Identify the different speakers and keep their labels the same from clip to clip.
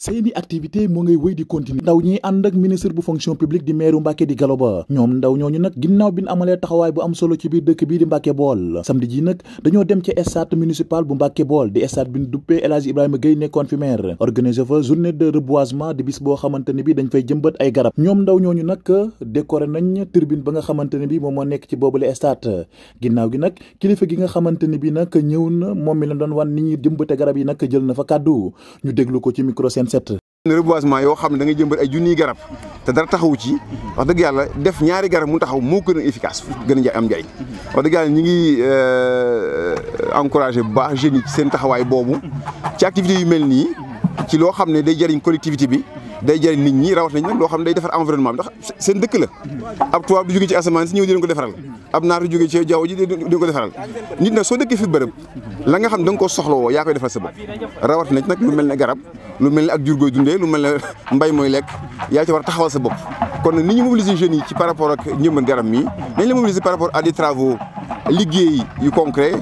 Speaker 1: seeni activité moo ngay wéy di continuer ndaw ñi ànd ak ministre bu fonction publique di meeru Mbàkke di Galo Ba ñoom ndaw ñooñu nag ginnaaw bi ñu amalee taxawaay bu am solo ci biir dëkk bii di Mbàkke Bool samedi ji nag dañoo dem ca stade municipal bu Mbàkke Bool di stade bi ñu duppee El Hadj Ibrahima Gueye nekkoon fi maire organisé fa journée de reboisement di bis boo xamante ne bi dañ fay jëmbat ay garab ñoom ndaw ñooñu nag décoré nañ tribune nga xamante ne bi moom moo nekk ci boobule stade ginnaaw gi nag kilifa gi nga xamante ne bi nag ñëw na moom mi la doon wan nit ñi jëmbate garab yi nag jël na fa kàddu ñu déglu ko ci 2027.
Speaker 2: reboisement yoo xam ne da ngay jëmbat ay junniy garab te dara taxawu ci wax dëgg yàlla def ñaari garab mu taxaw moo gën a efficace gën a am njariñ wax dëgg yàlla ñi ngi euh, encouragé bu baax jeunes yi ci seen taxawaay boobu ci activité yu mel nii ci loo xam ne day jariñ collectivité bi day jariñ nit ñi rawat nañ nag loo xam day defar environnement bi ndax seen dëkk la ab tubaab du jóge ci asamaan si ñëw di ko defaral ab naar ci nous ji di ko nous nit nag fi bërëb la nga xam da ko soxlawoo nous koy defal sa nous rawat nañ nak lu melni lu melni ak nous lu melni mbay moy lek ya ci war taxawal sa bop kon ni ñu mobiliser jeunes yi ci par rapport ak garab mi Nous, la mobiliser par rapport à des travaux liggéey yu concret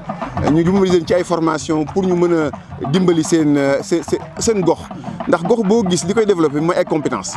Speaker 2: ñu ci ay formation pour ñu mëna dimbali seen seen gox ndax gox bo gis likoy nous moy compétence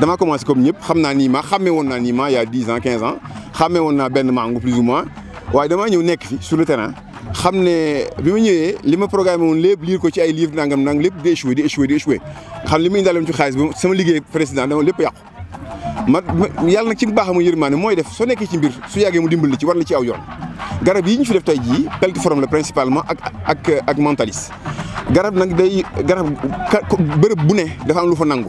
Speaker 2: damaa commencé comme ñëpp xam naa nii ma xàmmee woon naa ma il y a 10 ans 15 ans xàmmee woon naa benn mango plus ou moins waaye damaa ñëw fi sur le terrain xam ne bi ma ñëwee li ma programmé woon lépp lire ko ci ay livre nangam nang lépp di échoué di échoué di échoué xam li ma indaale ci xaalis bi sama liggéey président dama lépp yàqu ma yàlla nag ci baaxam yërmaane moy def soo nekkee ci mbir su yàggee mu dimbali ci war la ci aw yoon garab yi ñu fi def tey jii peltiforme le principalement ak ak ak mentaliste garab nak day garab bërëb bu ne dafa am lu fa nangu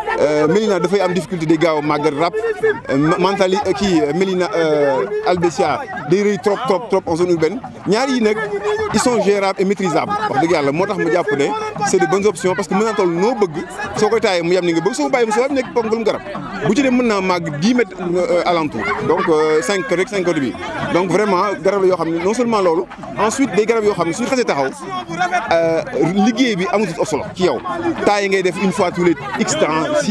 Speaker 2: Euh, Melina da fay am difficulté day gaaw a rap mentali euh, kii euh, Mélina Albécia day rëy trop trop trop en zone urbaine ñaar yi nak ils sont gérables et maîtrisables wax deug yalla motax tax mu jàpp ne c'est de bonnes options parce que meuna tol no noo bëgg soo koy mu yam ni nga bëgg soo ko mu soo am nekk ponkalum garab bu ci dem meuna mag 10 mètres alentour donc 5 rek 5 côté bi donc vraiment garab yo xamni non seulement lolu ensuite des garab yo xamni ne suñu xasee taxaw liggéey bi amatul solo ci yow tayé ngay def une fois tous les x temps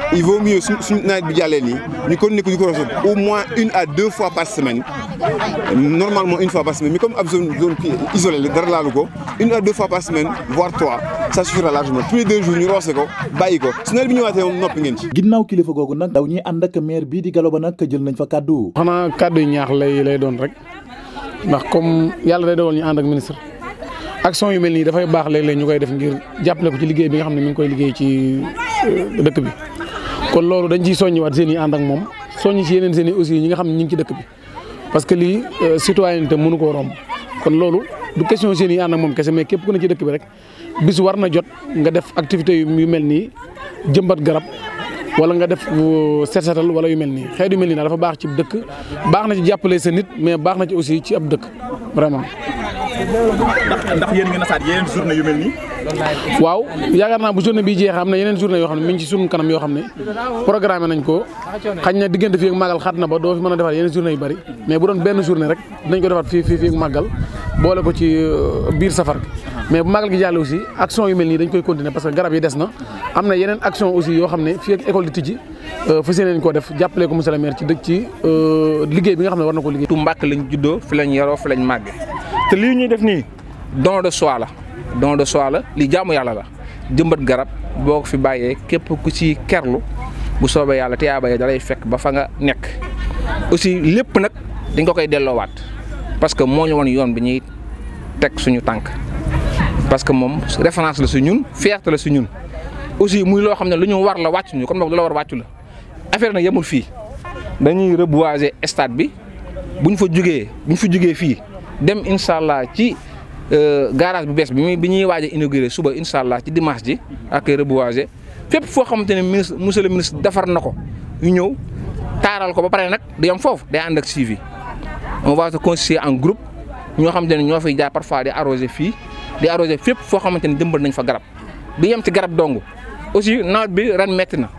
Speaker 2: il vaut mieux su suñu nawet bi jàllee nii ñu continuer ko ñu ko rosé au moins une à deux fois par semaine normalement une fois par semaine mais comme ab zone zone isolée la dara ko une à deux fois par semaine voire trois ça suffira largement tous les deux jours ñu roose ko bàyyi ko su nawet bi ñëwaatee moom
Speaker 1: noppi ngeen ci. ginnaaw
Speaker 3: kilifa googu nag ndaw ñi ànd ak maire bii di Gallo Ba nag jël nañ fa cadeau xanaa kàddu ñaax lay lay doon rek ndax comme yàlla day dogal ñu ànd ak ministre. action yu mel nii dafay baax léeg-léeg ñu koy def ngir jàppale ko ci liggéey bi nga xam ne mi ngi koy liggéey ci euh, dëkk bi kon loolu dañ ciy soññiwaat seen yi ànd ak moom soññ si yeneen seeni aussi ñi nga xam ne ñu ngi ci dëkk bi parce que lii euh, citoyenneté mënu koo romb kon loolu du question seen yi ànd moom kese mais képp ku ne ci dëkk bi rek bis war na jot nga def activité yu mel nii jëmbat garab wala nga def euh, set setal wala yu mel nii xeet yu mel nii daal dafa baax ci dëkk baax na ci jàppale sa nit mais baax na ci aussi ci ab dëkk vraiment
Speaker 1: ndax ndax yéen ngi nasaat waaw
Speaker 3: yaakaar naa bu journée bi jeexee am na yeneen journée yoo xam ne mi ngi ci sunu kanam yoo xam ne programme nañ ko xañ na diggante fii ak xat na ba doo fi mën a defaat yeneen journée yu bari mais bu doon benn journée rek dinañ ko defaat euh, mais bu màggal gi jàll action yu mel nii dañ koy continuer parce que garab yi des na am na yeneen action aussi yoo xam ne fii ak école di tijji euh, fas yéene nañ koo def jàppale ko monsieur le ci dëkk ci euh, liggéey bi nga xam ne war na ko liggéey tu Mbàkke lañ juddoo fi lañ yaroo fi lañ màgge te lii ñuy def nii don de soi la
Speaker 4: don de soi la li jaamu yàlla la jëmbat garab boo ko fi bàyyee képp ku ci kerlu bu soobee yàlla te yaa bayee dalay fekk ba fa nga nekk aussi lépp nag dañ ko koy delloowaat parce que moo ñu woon yoon bi ñuy teg suñu tànk parce que moom référence la si ñun fierté la si ñun aussi muy loo xam ne lu ñu war la wàccu ñu kon boog lu la war wàccu la affaire nag yemul fii dañuy reboiser stade bi bu ñu fa jugee bu ñu fa jugee fii dem incha allah ci euh, garage bu bees bi bi ñuy waaje a inauguré suba incha allah ci dimanche ji ak reboiser fépp foo xamante ne ministre monsieur le ministre defar na ko ñu ñëw taaral ko ba pare nag di yem foofu day ànd ak suivi on va se constituer en groupe ñoo xamante ne ñoo fiy jaar parfois di arroser fii di arroser fépp foo xamante ne dëmbal nañ fa garab di yem ci garab dong aussi nawet bi ren metti na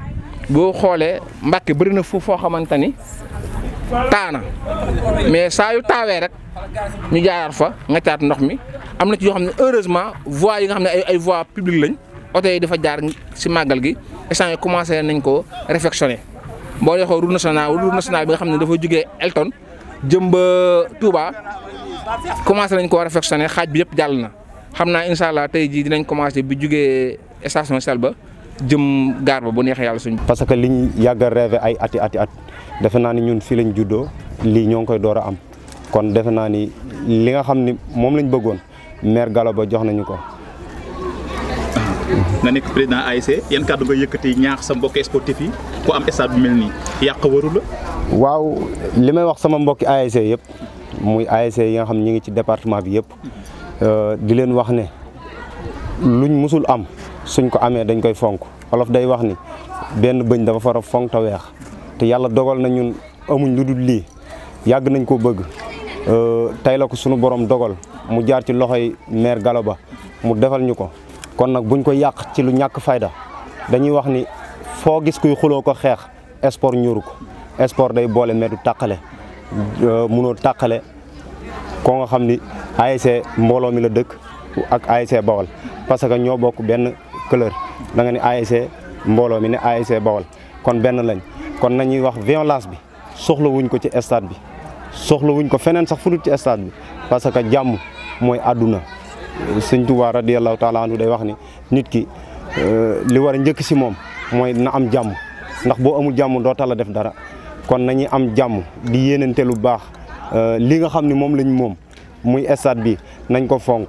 Speaker 4: boo xoolee Mbàkke bëri na foofu foo xamante ni taana mais saa yu taawee rek ñu jaayaat fa nga caat ndox mi am na ci yoo xam ne heureusement voies yi nga xam ne ay ay voies publiques lañ oto yi dafa jaar si màggal gi instant yi nañ ko réfectionné boo dee xool route nationale route nationale bi nga xam ne dafa jógee Elton jëm ba Touba commencé nañ ko réfectionné xaaj bi yëpp jàll na xam na incha allah tey jii dinañ commencé bi jógee station Shell ba jëm gaar ba bu neexee yàlla suñ.
Speaker 5: parce que liñ yàgg a rêvé ay ati ati at defe naa ni ñun fii lañ juddoo lii ñoo ngi koy door am kon defe naa ni li nga xam ni moom lañ bëggoon maire Gallo Ba jox nañu ko.
Speaker 1: nga nekk président ASC yan kàddu nga yëkkati ñaax sa mbokki sportif yi ku am stade bu mel nii yàq waru
Speaker 5: waaw li may wax sama mbokki ASC yëpp muy ASC yi nga xam ñi ngi ci département bi yëpp euh, dileen wax ne luñ musul am. suñ ko amee dañ koy fonk olof day wax ni benn bëñ dafa fara fonk te weex te yàlla dogal na ñun amuñ lu dul lii yàgg nañ ko bëgg tey la ko suñu borom dogal mu jaar ci loxoy maire Gallo Ba mu defal ñu ko kon nag buñ ko yàq ci lu ñàkk fayda dañuy wax ni foo gis kuy xuloo ko xeex sport ñoru ko sport day boole mais du tàqale munoo taqale koo nga xam ni ASC mbooloo mi la dëkk ak ASC Bawol parce ñoo bokk benn couleur da nga ni ASC mbooloo mi ne ASC Bawol kon benn lañ kon nañuy wax violence bi soxla wuñ ko ci stade bi soxla wuñ ko feneen sax fudut ci stade bi parce que jàmm mooy àdduna sëñ Tuubaa radiyallaahu taala anhu day wax ni nit ki euh, li war a njëkk si moom mooy na am jàmm ndax boo amul jàmm doo a def dara kon nañuy am jàmm di yéenante lu baax euh, li nga xam ni moom lañ moom muy stade bi nañ ko fonk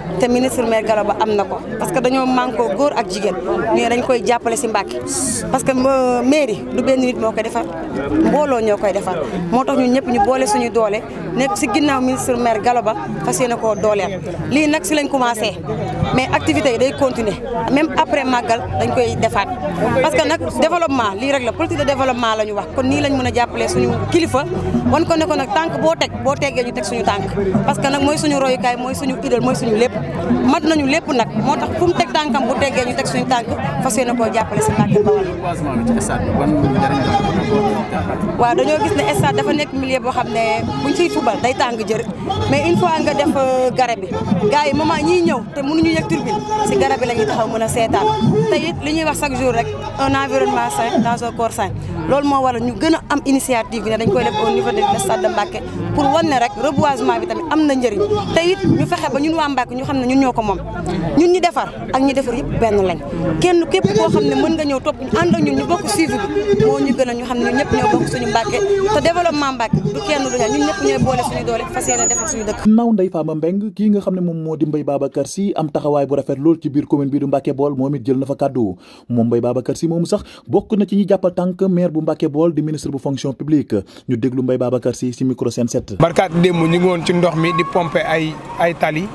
Speaker 6: te ministre maire Gallo Ba am na ko parce que dañoo manko góor ak jigéen ñu dañ koy jàppale si Mbàkke parce que euh, mairie du benn nit moo koy defar mbooloo ñoo koy defar moo tax ñu ñëpp ñu boole suñu doole nekk si ginnaaw ministre maire Gallo Ba fas yéene lii nag si lañ commencé mais activités yi day continuer même après màggal dañ koy defaat parce que nag développement lii rek la politique de développement la ñu wax kon nii lañ mën a jàppalee suñu kilifa wan ko ne ko nag tànk boo teg boo tegee ñu teg suñu tànk parce que nag mooy suñu royukaay mooy suñu idole mooy suñu lépp mat nañu lépp nag moo tax fu mu teg tànkam bu teggee ñu teg suñu tànk fas yéene koo jàppale si Mbàkke Bawol waaw dañoo gis ne stade dafa nekk milieu boo xam ne buñ siy fubal day tàng jër mais une fois nga def euh, garab bi gars yi moment ñiy ñëw te mënuñu yëg turbine si garab bi la ñuy taxaw mën a seetaan te li ñuy wax chaque jour rek un environnement sain dans un corps sain loolu moo waral ñu gën a am initiative dañ koy def au niveau de stade de Mbàkke pour wan ne rek bi tamit am na njëriñ ñu fexe ba ñun waa Mbàkke xam ne ñu ñoo ko moom ñun ñu defar ak ñu defar yëpp benn lañ kenn képp koo xam ne mën nga ñëw topp ñu ñu bokk suivi bi ñu gën a ñu xam ne ñun ñëpp ñoo bokk suñu Mbàkke te développement Mbàkke du kenn du ñun ñëpp ñooy
Speaker 1: naw Fama Mbeng nga xam ne moom moo di Mbaye am taxawaay bu rafet lool ci bir commune bi du Mbàkke bol moom it jël na fa kàddu moom Mbaye Babacar Sy moomu sax bokk na ci ñi jàppal tànk maire bu Mbàkke bol di ministre bu fonction publique ñu déglu Mbaye Babacar Sy si micro Sen 7
Speaker 7: barkaat démb ñu ngi ci ndox mi di pompe ay ay tali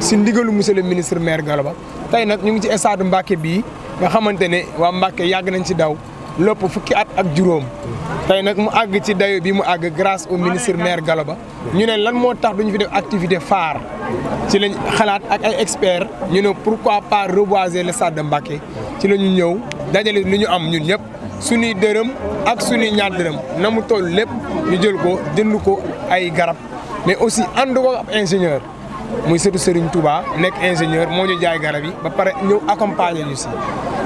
Speaker 7: si ndigalu monsieur le ministre maire Gallo Ba tey nag ñu ngi ci stade Mbàkke bi nga xamante ne waa Mbàkke nañ ci daw lopp fukki at ak djuroom tay nak mu ag ci dayo bi mu ag grâce au ministre maire galoba ñu ne lan mo tax duñu fi def activité phare ci lañ xalaat ak ay experts ñu ne pourquoi pas reboiser le stade de Mbacké ci la ñu ñëw dajale lu ñu am ñun ñëpp suñu dërëm ak suñu ñaar dërëm namu toll lepp ñu jël ko jënd ko ay garab mais aussi ànd ko ab ingénieur muy sëtu Serigne Touba nek ingénieur moo ñu jaay garab yi ba paré ñeu accompagner ñu ci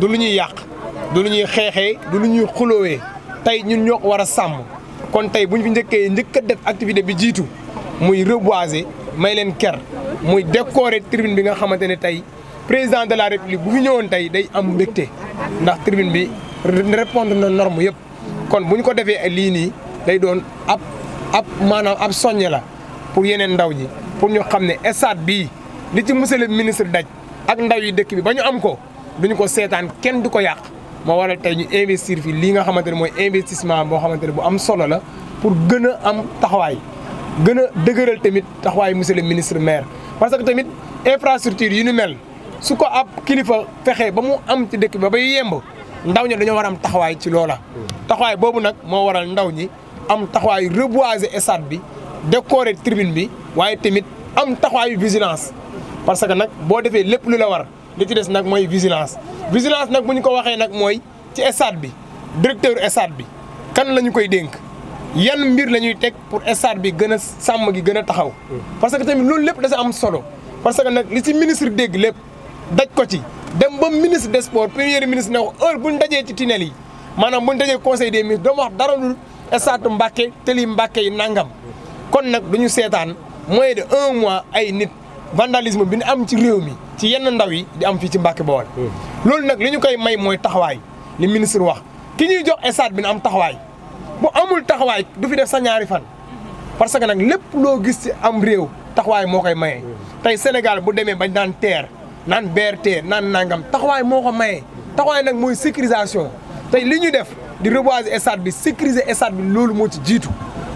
Speaker 7: du lu ñuy yàq du lu ñuy xeexee du lu ñuy xuloowee tey ñun ñoo ko war a sàmm kon tey bu ñu fi njëkkee njëkk a def activité bi jiitu muy reboiser may leen ker muy décorer tribune bi nga xamante ni tey président de la république bu fi ñëwoon tey day am mbégte ndax tribune bi répondre na norme yëpp kon bu ñu ko defee lii nii day doon ab ab maanaam ab soññe la pour yeneen ndaw ji pour ñu xam ne stade bii li ci monsieur le ministre daj ak ndaw yi dëkk bi ba ñu am ko duñu ko seetaan kenn du ko yàq moo waral tey ñu investir fii lii nga xamante ne mooy investissement boo xamante ne bu am solo la pour gën a am taxawaay gën a dëgëral tamit taxawaay monsieur le ministre maire. parce que tamit infrastructure yi ñu mel su ko ab kilifa fexe ba mu am ci dëkk ba bay yemb ndaw ñi dañoo war am taxawaay ci loola. taxawaay boobu nag moo waral ndaw ñi am taxawaayu reboiser stade bi décorer tribune bi waaye tamit am taxawaayu vigilance parce que nag boo defee lépp lu la war. li ci dess nak moy vigilance vigilance nak buñ ko waxé nak moy ci estade bi directeur estade bi kan la koy denk yan mbir lañuy tek pour estade bi gëna sam gi gëna taxaw. parce que tamit loolu lepp da am solo parce que nak li ci ministre dégg lepp daj ko ci dem ba ministre des sports premier ministre nak heure buñ dajé ci tunnel yi manam buñ dajé conseil des ministres doo wax dara lu estade Mbacké tëli Mbacké nangam kon nak du sétane moy de 1 mois ay nit. vandalisme bi ñu am ci réew mi ci yenn ndaw yi di am fii ci Mbàkke Bawol hmm. loolu nag li ñu koy may mooy taxawaay li ministre wax ki ñuy jox stade bi na am taxawaay bu amul taxawaay du fi def sa ñaari fan parce que nag lépp loo gis ci am réew taxawaay moo koy maye hmm. tey Sénégal bu demee bañ naan TER naan BRT naan nangam taxawaay moo ko maye taxawaay nag mooy sécurisation tey li ñu def di reboiser stade bi sécuriser stade bi loolu moo ci jiitu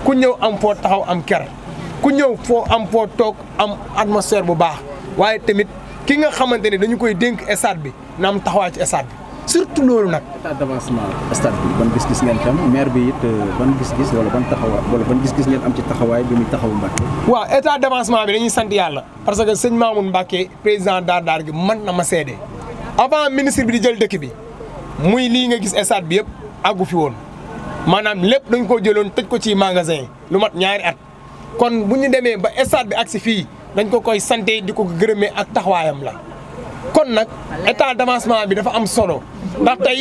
Speaker 7: ku ñëw am foo taxaw am ker ku ñëw foo am foo toog am atmosphère bu baax waaye tamit ki nga xamante ni dañu koy dénk stade bi na am taxawaay ci stade bi surtout loolu nag. état d'avancement
Speaker 8: stade bi ban gis-gis ngeen ci am bi it euh, ban gis-gis wala ban wala ban gis-gis ngeen am ci taxawaay bi muy taxawu Mbacke.
Speaker 7: waaw état d'avancement bi dañuy sant yàlla parce que sëñ Mamoun Mbacke président daar daar gi mën na ma seede avant ministre bi di jël dëkk bi muy lii nga gis stade bi yëpp àggu fi woon maanaam lépp dañ koo jëloon tëj ko ci magasin lu mat ñaari at. kon buñu démé ba stade bi agsi fi dañ ko koy santé diko gërëmé ak taxwayam la kon nak état d'avancement bi dafa am solo ndax tay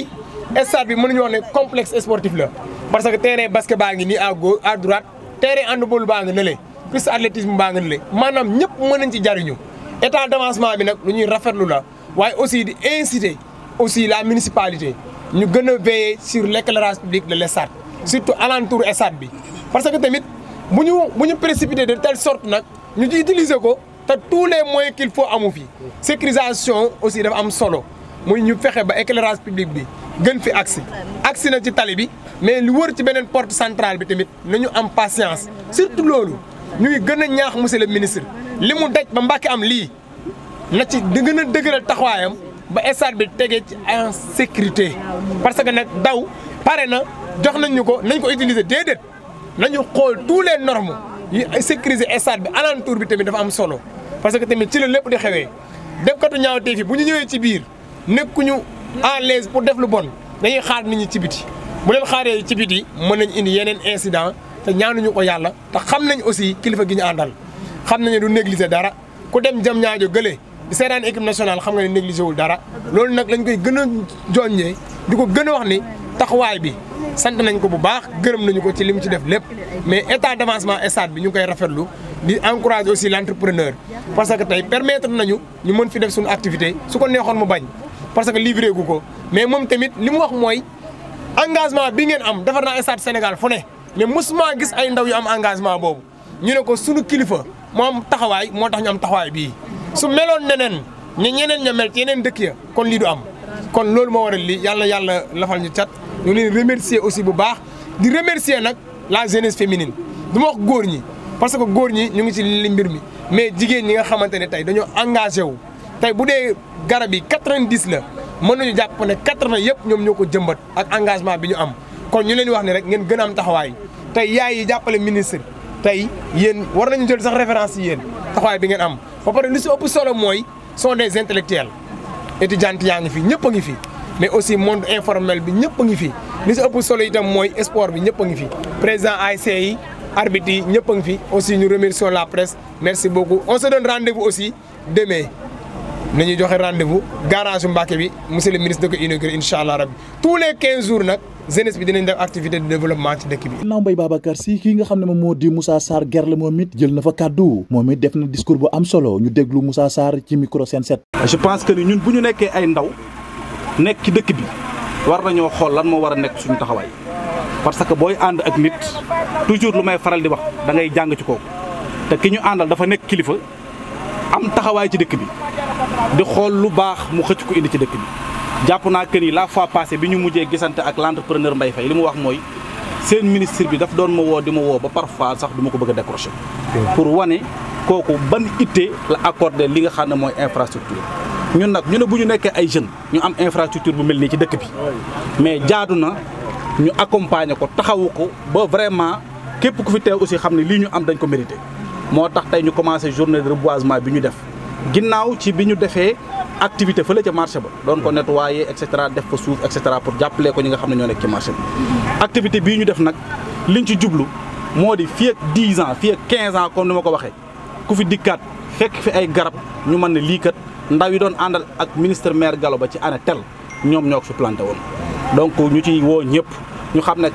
Speaker 7: stade bi mënuñu wax ne complexe sportif la parce que terrain basketball baa ngi nii à gauche à droite terrain handball baa ngi nële piste athlétisme baa ngi nële maanaam ñëpp mën ci jariñu état d'avancement bi nak luñuy rafetlu la waaye aussi di inciter aussi la municipalité ñu gëna a veiller sur l'éclairage public de l'estade surtout alentour estade bi parce que tamit nous nous de telle sorte que nous tous les moyens qu'il faut amu sécurisation aussi dafa am solo muy ñu ba éclairage public bi gën fi accès accès na ci mais porte centrale bi tamit nañu am patience surtout monsieur le ministre Ce daj ba Mbàkke am lii na ci en sécurité parce que nous avons pare na nous nañu xool tous les normes yi sécuriser stade bi alentour bi tamit dafa am solo parce que tamit ci la lépp di xewee defkatu ñaawteef yi bu ñu ñëwee ci biir nekkuñu à l'aise pour def lu bon dañuy xaar nit ñu ci biti bu leen xaaree ci biti mën nañu indi yeneen incident te ñaanuñu ko yàlla te xam nañ aussi kilifa gi ñu àndal xam nañu ne du négliger dara ku dem jam ñaajo gële di seetaan équipe nationale xam nga ne négligé wul dara loolu nag lañu koy gën a joññee di ko gën a wax ni taxawaay bi sant nañ ko bu baax gërëm nañu ko ci li mu ci def lépp mais état d' avancement stade bi ñu koy rafetlu di encourager aussi l' entrepreneur parce que tey permettre nañu ñu mën fi def suñu activité su ko neexoon mu bañ parce que livré gu ko mais moom tamit li mu wax mooy engagement bi ngeen am defar naa stade Sénégal fu ne mais mosuma gis ay ndaw yu am engagement boobu ñu ne ko suñu kilifa moo am taxawaay moo tax ñu am taxawaay bii su meloon neneen ña ñeneen ña mel ci yeneen dëkk ya kon lii du am kon loolu moo waral yàlla yàlla lafal ñu cat nous leen remercier aussi bu baax di remercier nag la jeunesse féminine du ma wax góor parce que góor ñi ñu ngi ci li mi mais jigéen ñi nga xamante ne tey dañoo engagé wu tey boudé dee garab yi quatre-vingt-dix la mën nañu jàpp ne quatre-vingts yëpp ñoom jëmbat ak engagement bi ñu am kon ñu leen wax ne rek ngeen gën a am taxawaay tey yaay yi ministre tey yéen war nañu jël sax référence yi yéen taxawaay bi ngeen am ba pare li si ëpp solo mooy sont des intellectuels étudiants yaa ngi fi ñëpp a ngi fi mais aussi monde informel bi ñëpp a ngi fi li si ëpp solo itam mooy sport bi ñëpp a ngi fi président ASC arbitre yi ñëpp a ngi fi aussi ñu remercions la presse merci beaucoup on se donne rendez-vous aussi demain na ñuy joxe rendez-vous garage u bi monsieur le ministre de ko inauguré incha allah tous les 15 jours nag jeunesse bi dinañ def activité de développement ci dëkk bi. Naw Mbaye Babacar si ki nga xamne mo
Speaker 1: moom di Moussa Sar Gerle momit jël na fa kàddu moom def na discours bu am solo ñu déglu Moussa Sar ci micro 7. je
Speaker 8: pense que ni ñun buñu nekké ay ndaw. Nek ci dëkk bi war nañu xol lan mo wara nek boy suñu taxaway parce que boy and ak nit toujours lu may faral di wax da ngay jang ci koku te kiñu andal dafa nek kilifa am taxaway ci dëkk bi di xol lu bax mu xëc ko indi ci dëkk bi japp na que ni la fois passé bi ñu mujjee gisante ak l'entrepreneur mbay fay limu wax moy seen ministre bi daf doon ma wo di ma ba parfois sax duma ko bëgg décrocher pour koku ban ité la accorder li nga xamné moy infrastructure ñun nak ñu ne buñu ñu ay jeune ñu am infrastructure bu melni ci dëkk bi mais jaaduna ñu accompagner ko taxawu ko ba vraiment képp ku fi téw aussi xamni li ñu am dañ ko mérité. moo tax tey ñu commencé journée de reboisement bi ñu def ginnaw ci biñu défé activité fele ci marché ba doon ko nettoyer etc cetera def ko souf etc cetera pour jàppale ko ñinga xamni ñoo nekk ci marché activité bi ñu def nak liñ ci djublu modi fi ak 10 ans fi ak 15 ans comme ni ko waxé ku fi dikkat fekk fi ay garab ñu mën li kat ndaw yi doon àndal ak ministre maire Gallo Ba ci année tel ñom ñok ko fi planté won donc ñu ci wo ñep ñu xam ne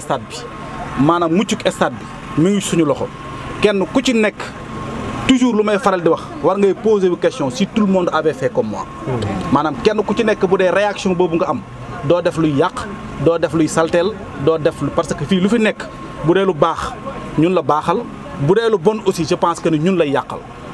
Speaker 8: stade bi manam muccuk stade bi mi ngi suñu loxo kenn ku ci nek toujours lu may faral di wax war ngay poser une question si tout le monde avait fait comme moi. manam kenn ku ci nek bu dee réaction bobu nga am do def luy yàq do def luy saltel do def lu parce que fii lu fi nekk bu dee lu baax ñun la baaxal bu dee lu bon aussi je pense que ñun lay yakal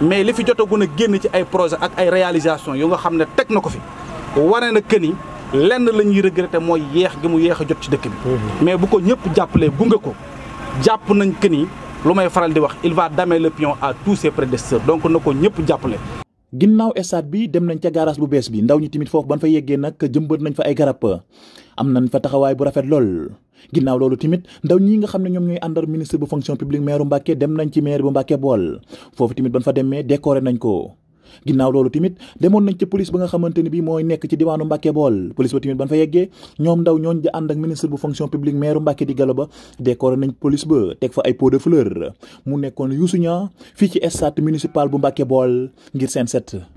Speaker 8: mais li fi joto a génn ci ay projet ak ay réalisation yu nga xamné tek nako fi na que la jot ci dëkk mhm. mais bu ko ñëpp bu ko il va damer le pion à tous ses prédécesseurs donc nako
Speaker 1: ginnaw stade bi dem nañ ca garage bu bes bi ndaw ñi timit fofu ban fa yeggé nak jëmbeut nañ fa ay garap am nañ fa taxaway bu rafet lol ginnaw loolu timit ndaw ñi nga xamne ñom ñoy andar ministre bu fonction publique maire mbacké dem nañ ci maire bu mbacké bol fofu timit ban fa démé décorer nañ ko ginnaw loolu timit, demon nañ ci police ba nga xamanteni bi moy nek ci diwanu mbacke bol police ba timit ban fa yeggee ñom ndaw ñooñ di and ak ministre bu fonction publique maire polis di Galo Ba décoré nañ police ba tek fa ay pot de fleur mu nekkoon Youssou Niang ci estate municipal bu mbacke bol ngir sen set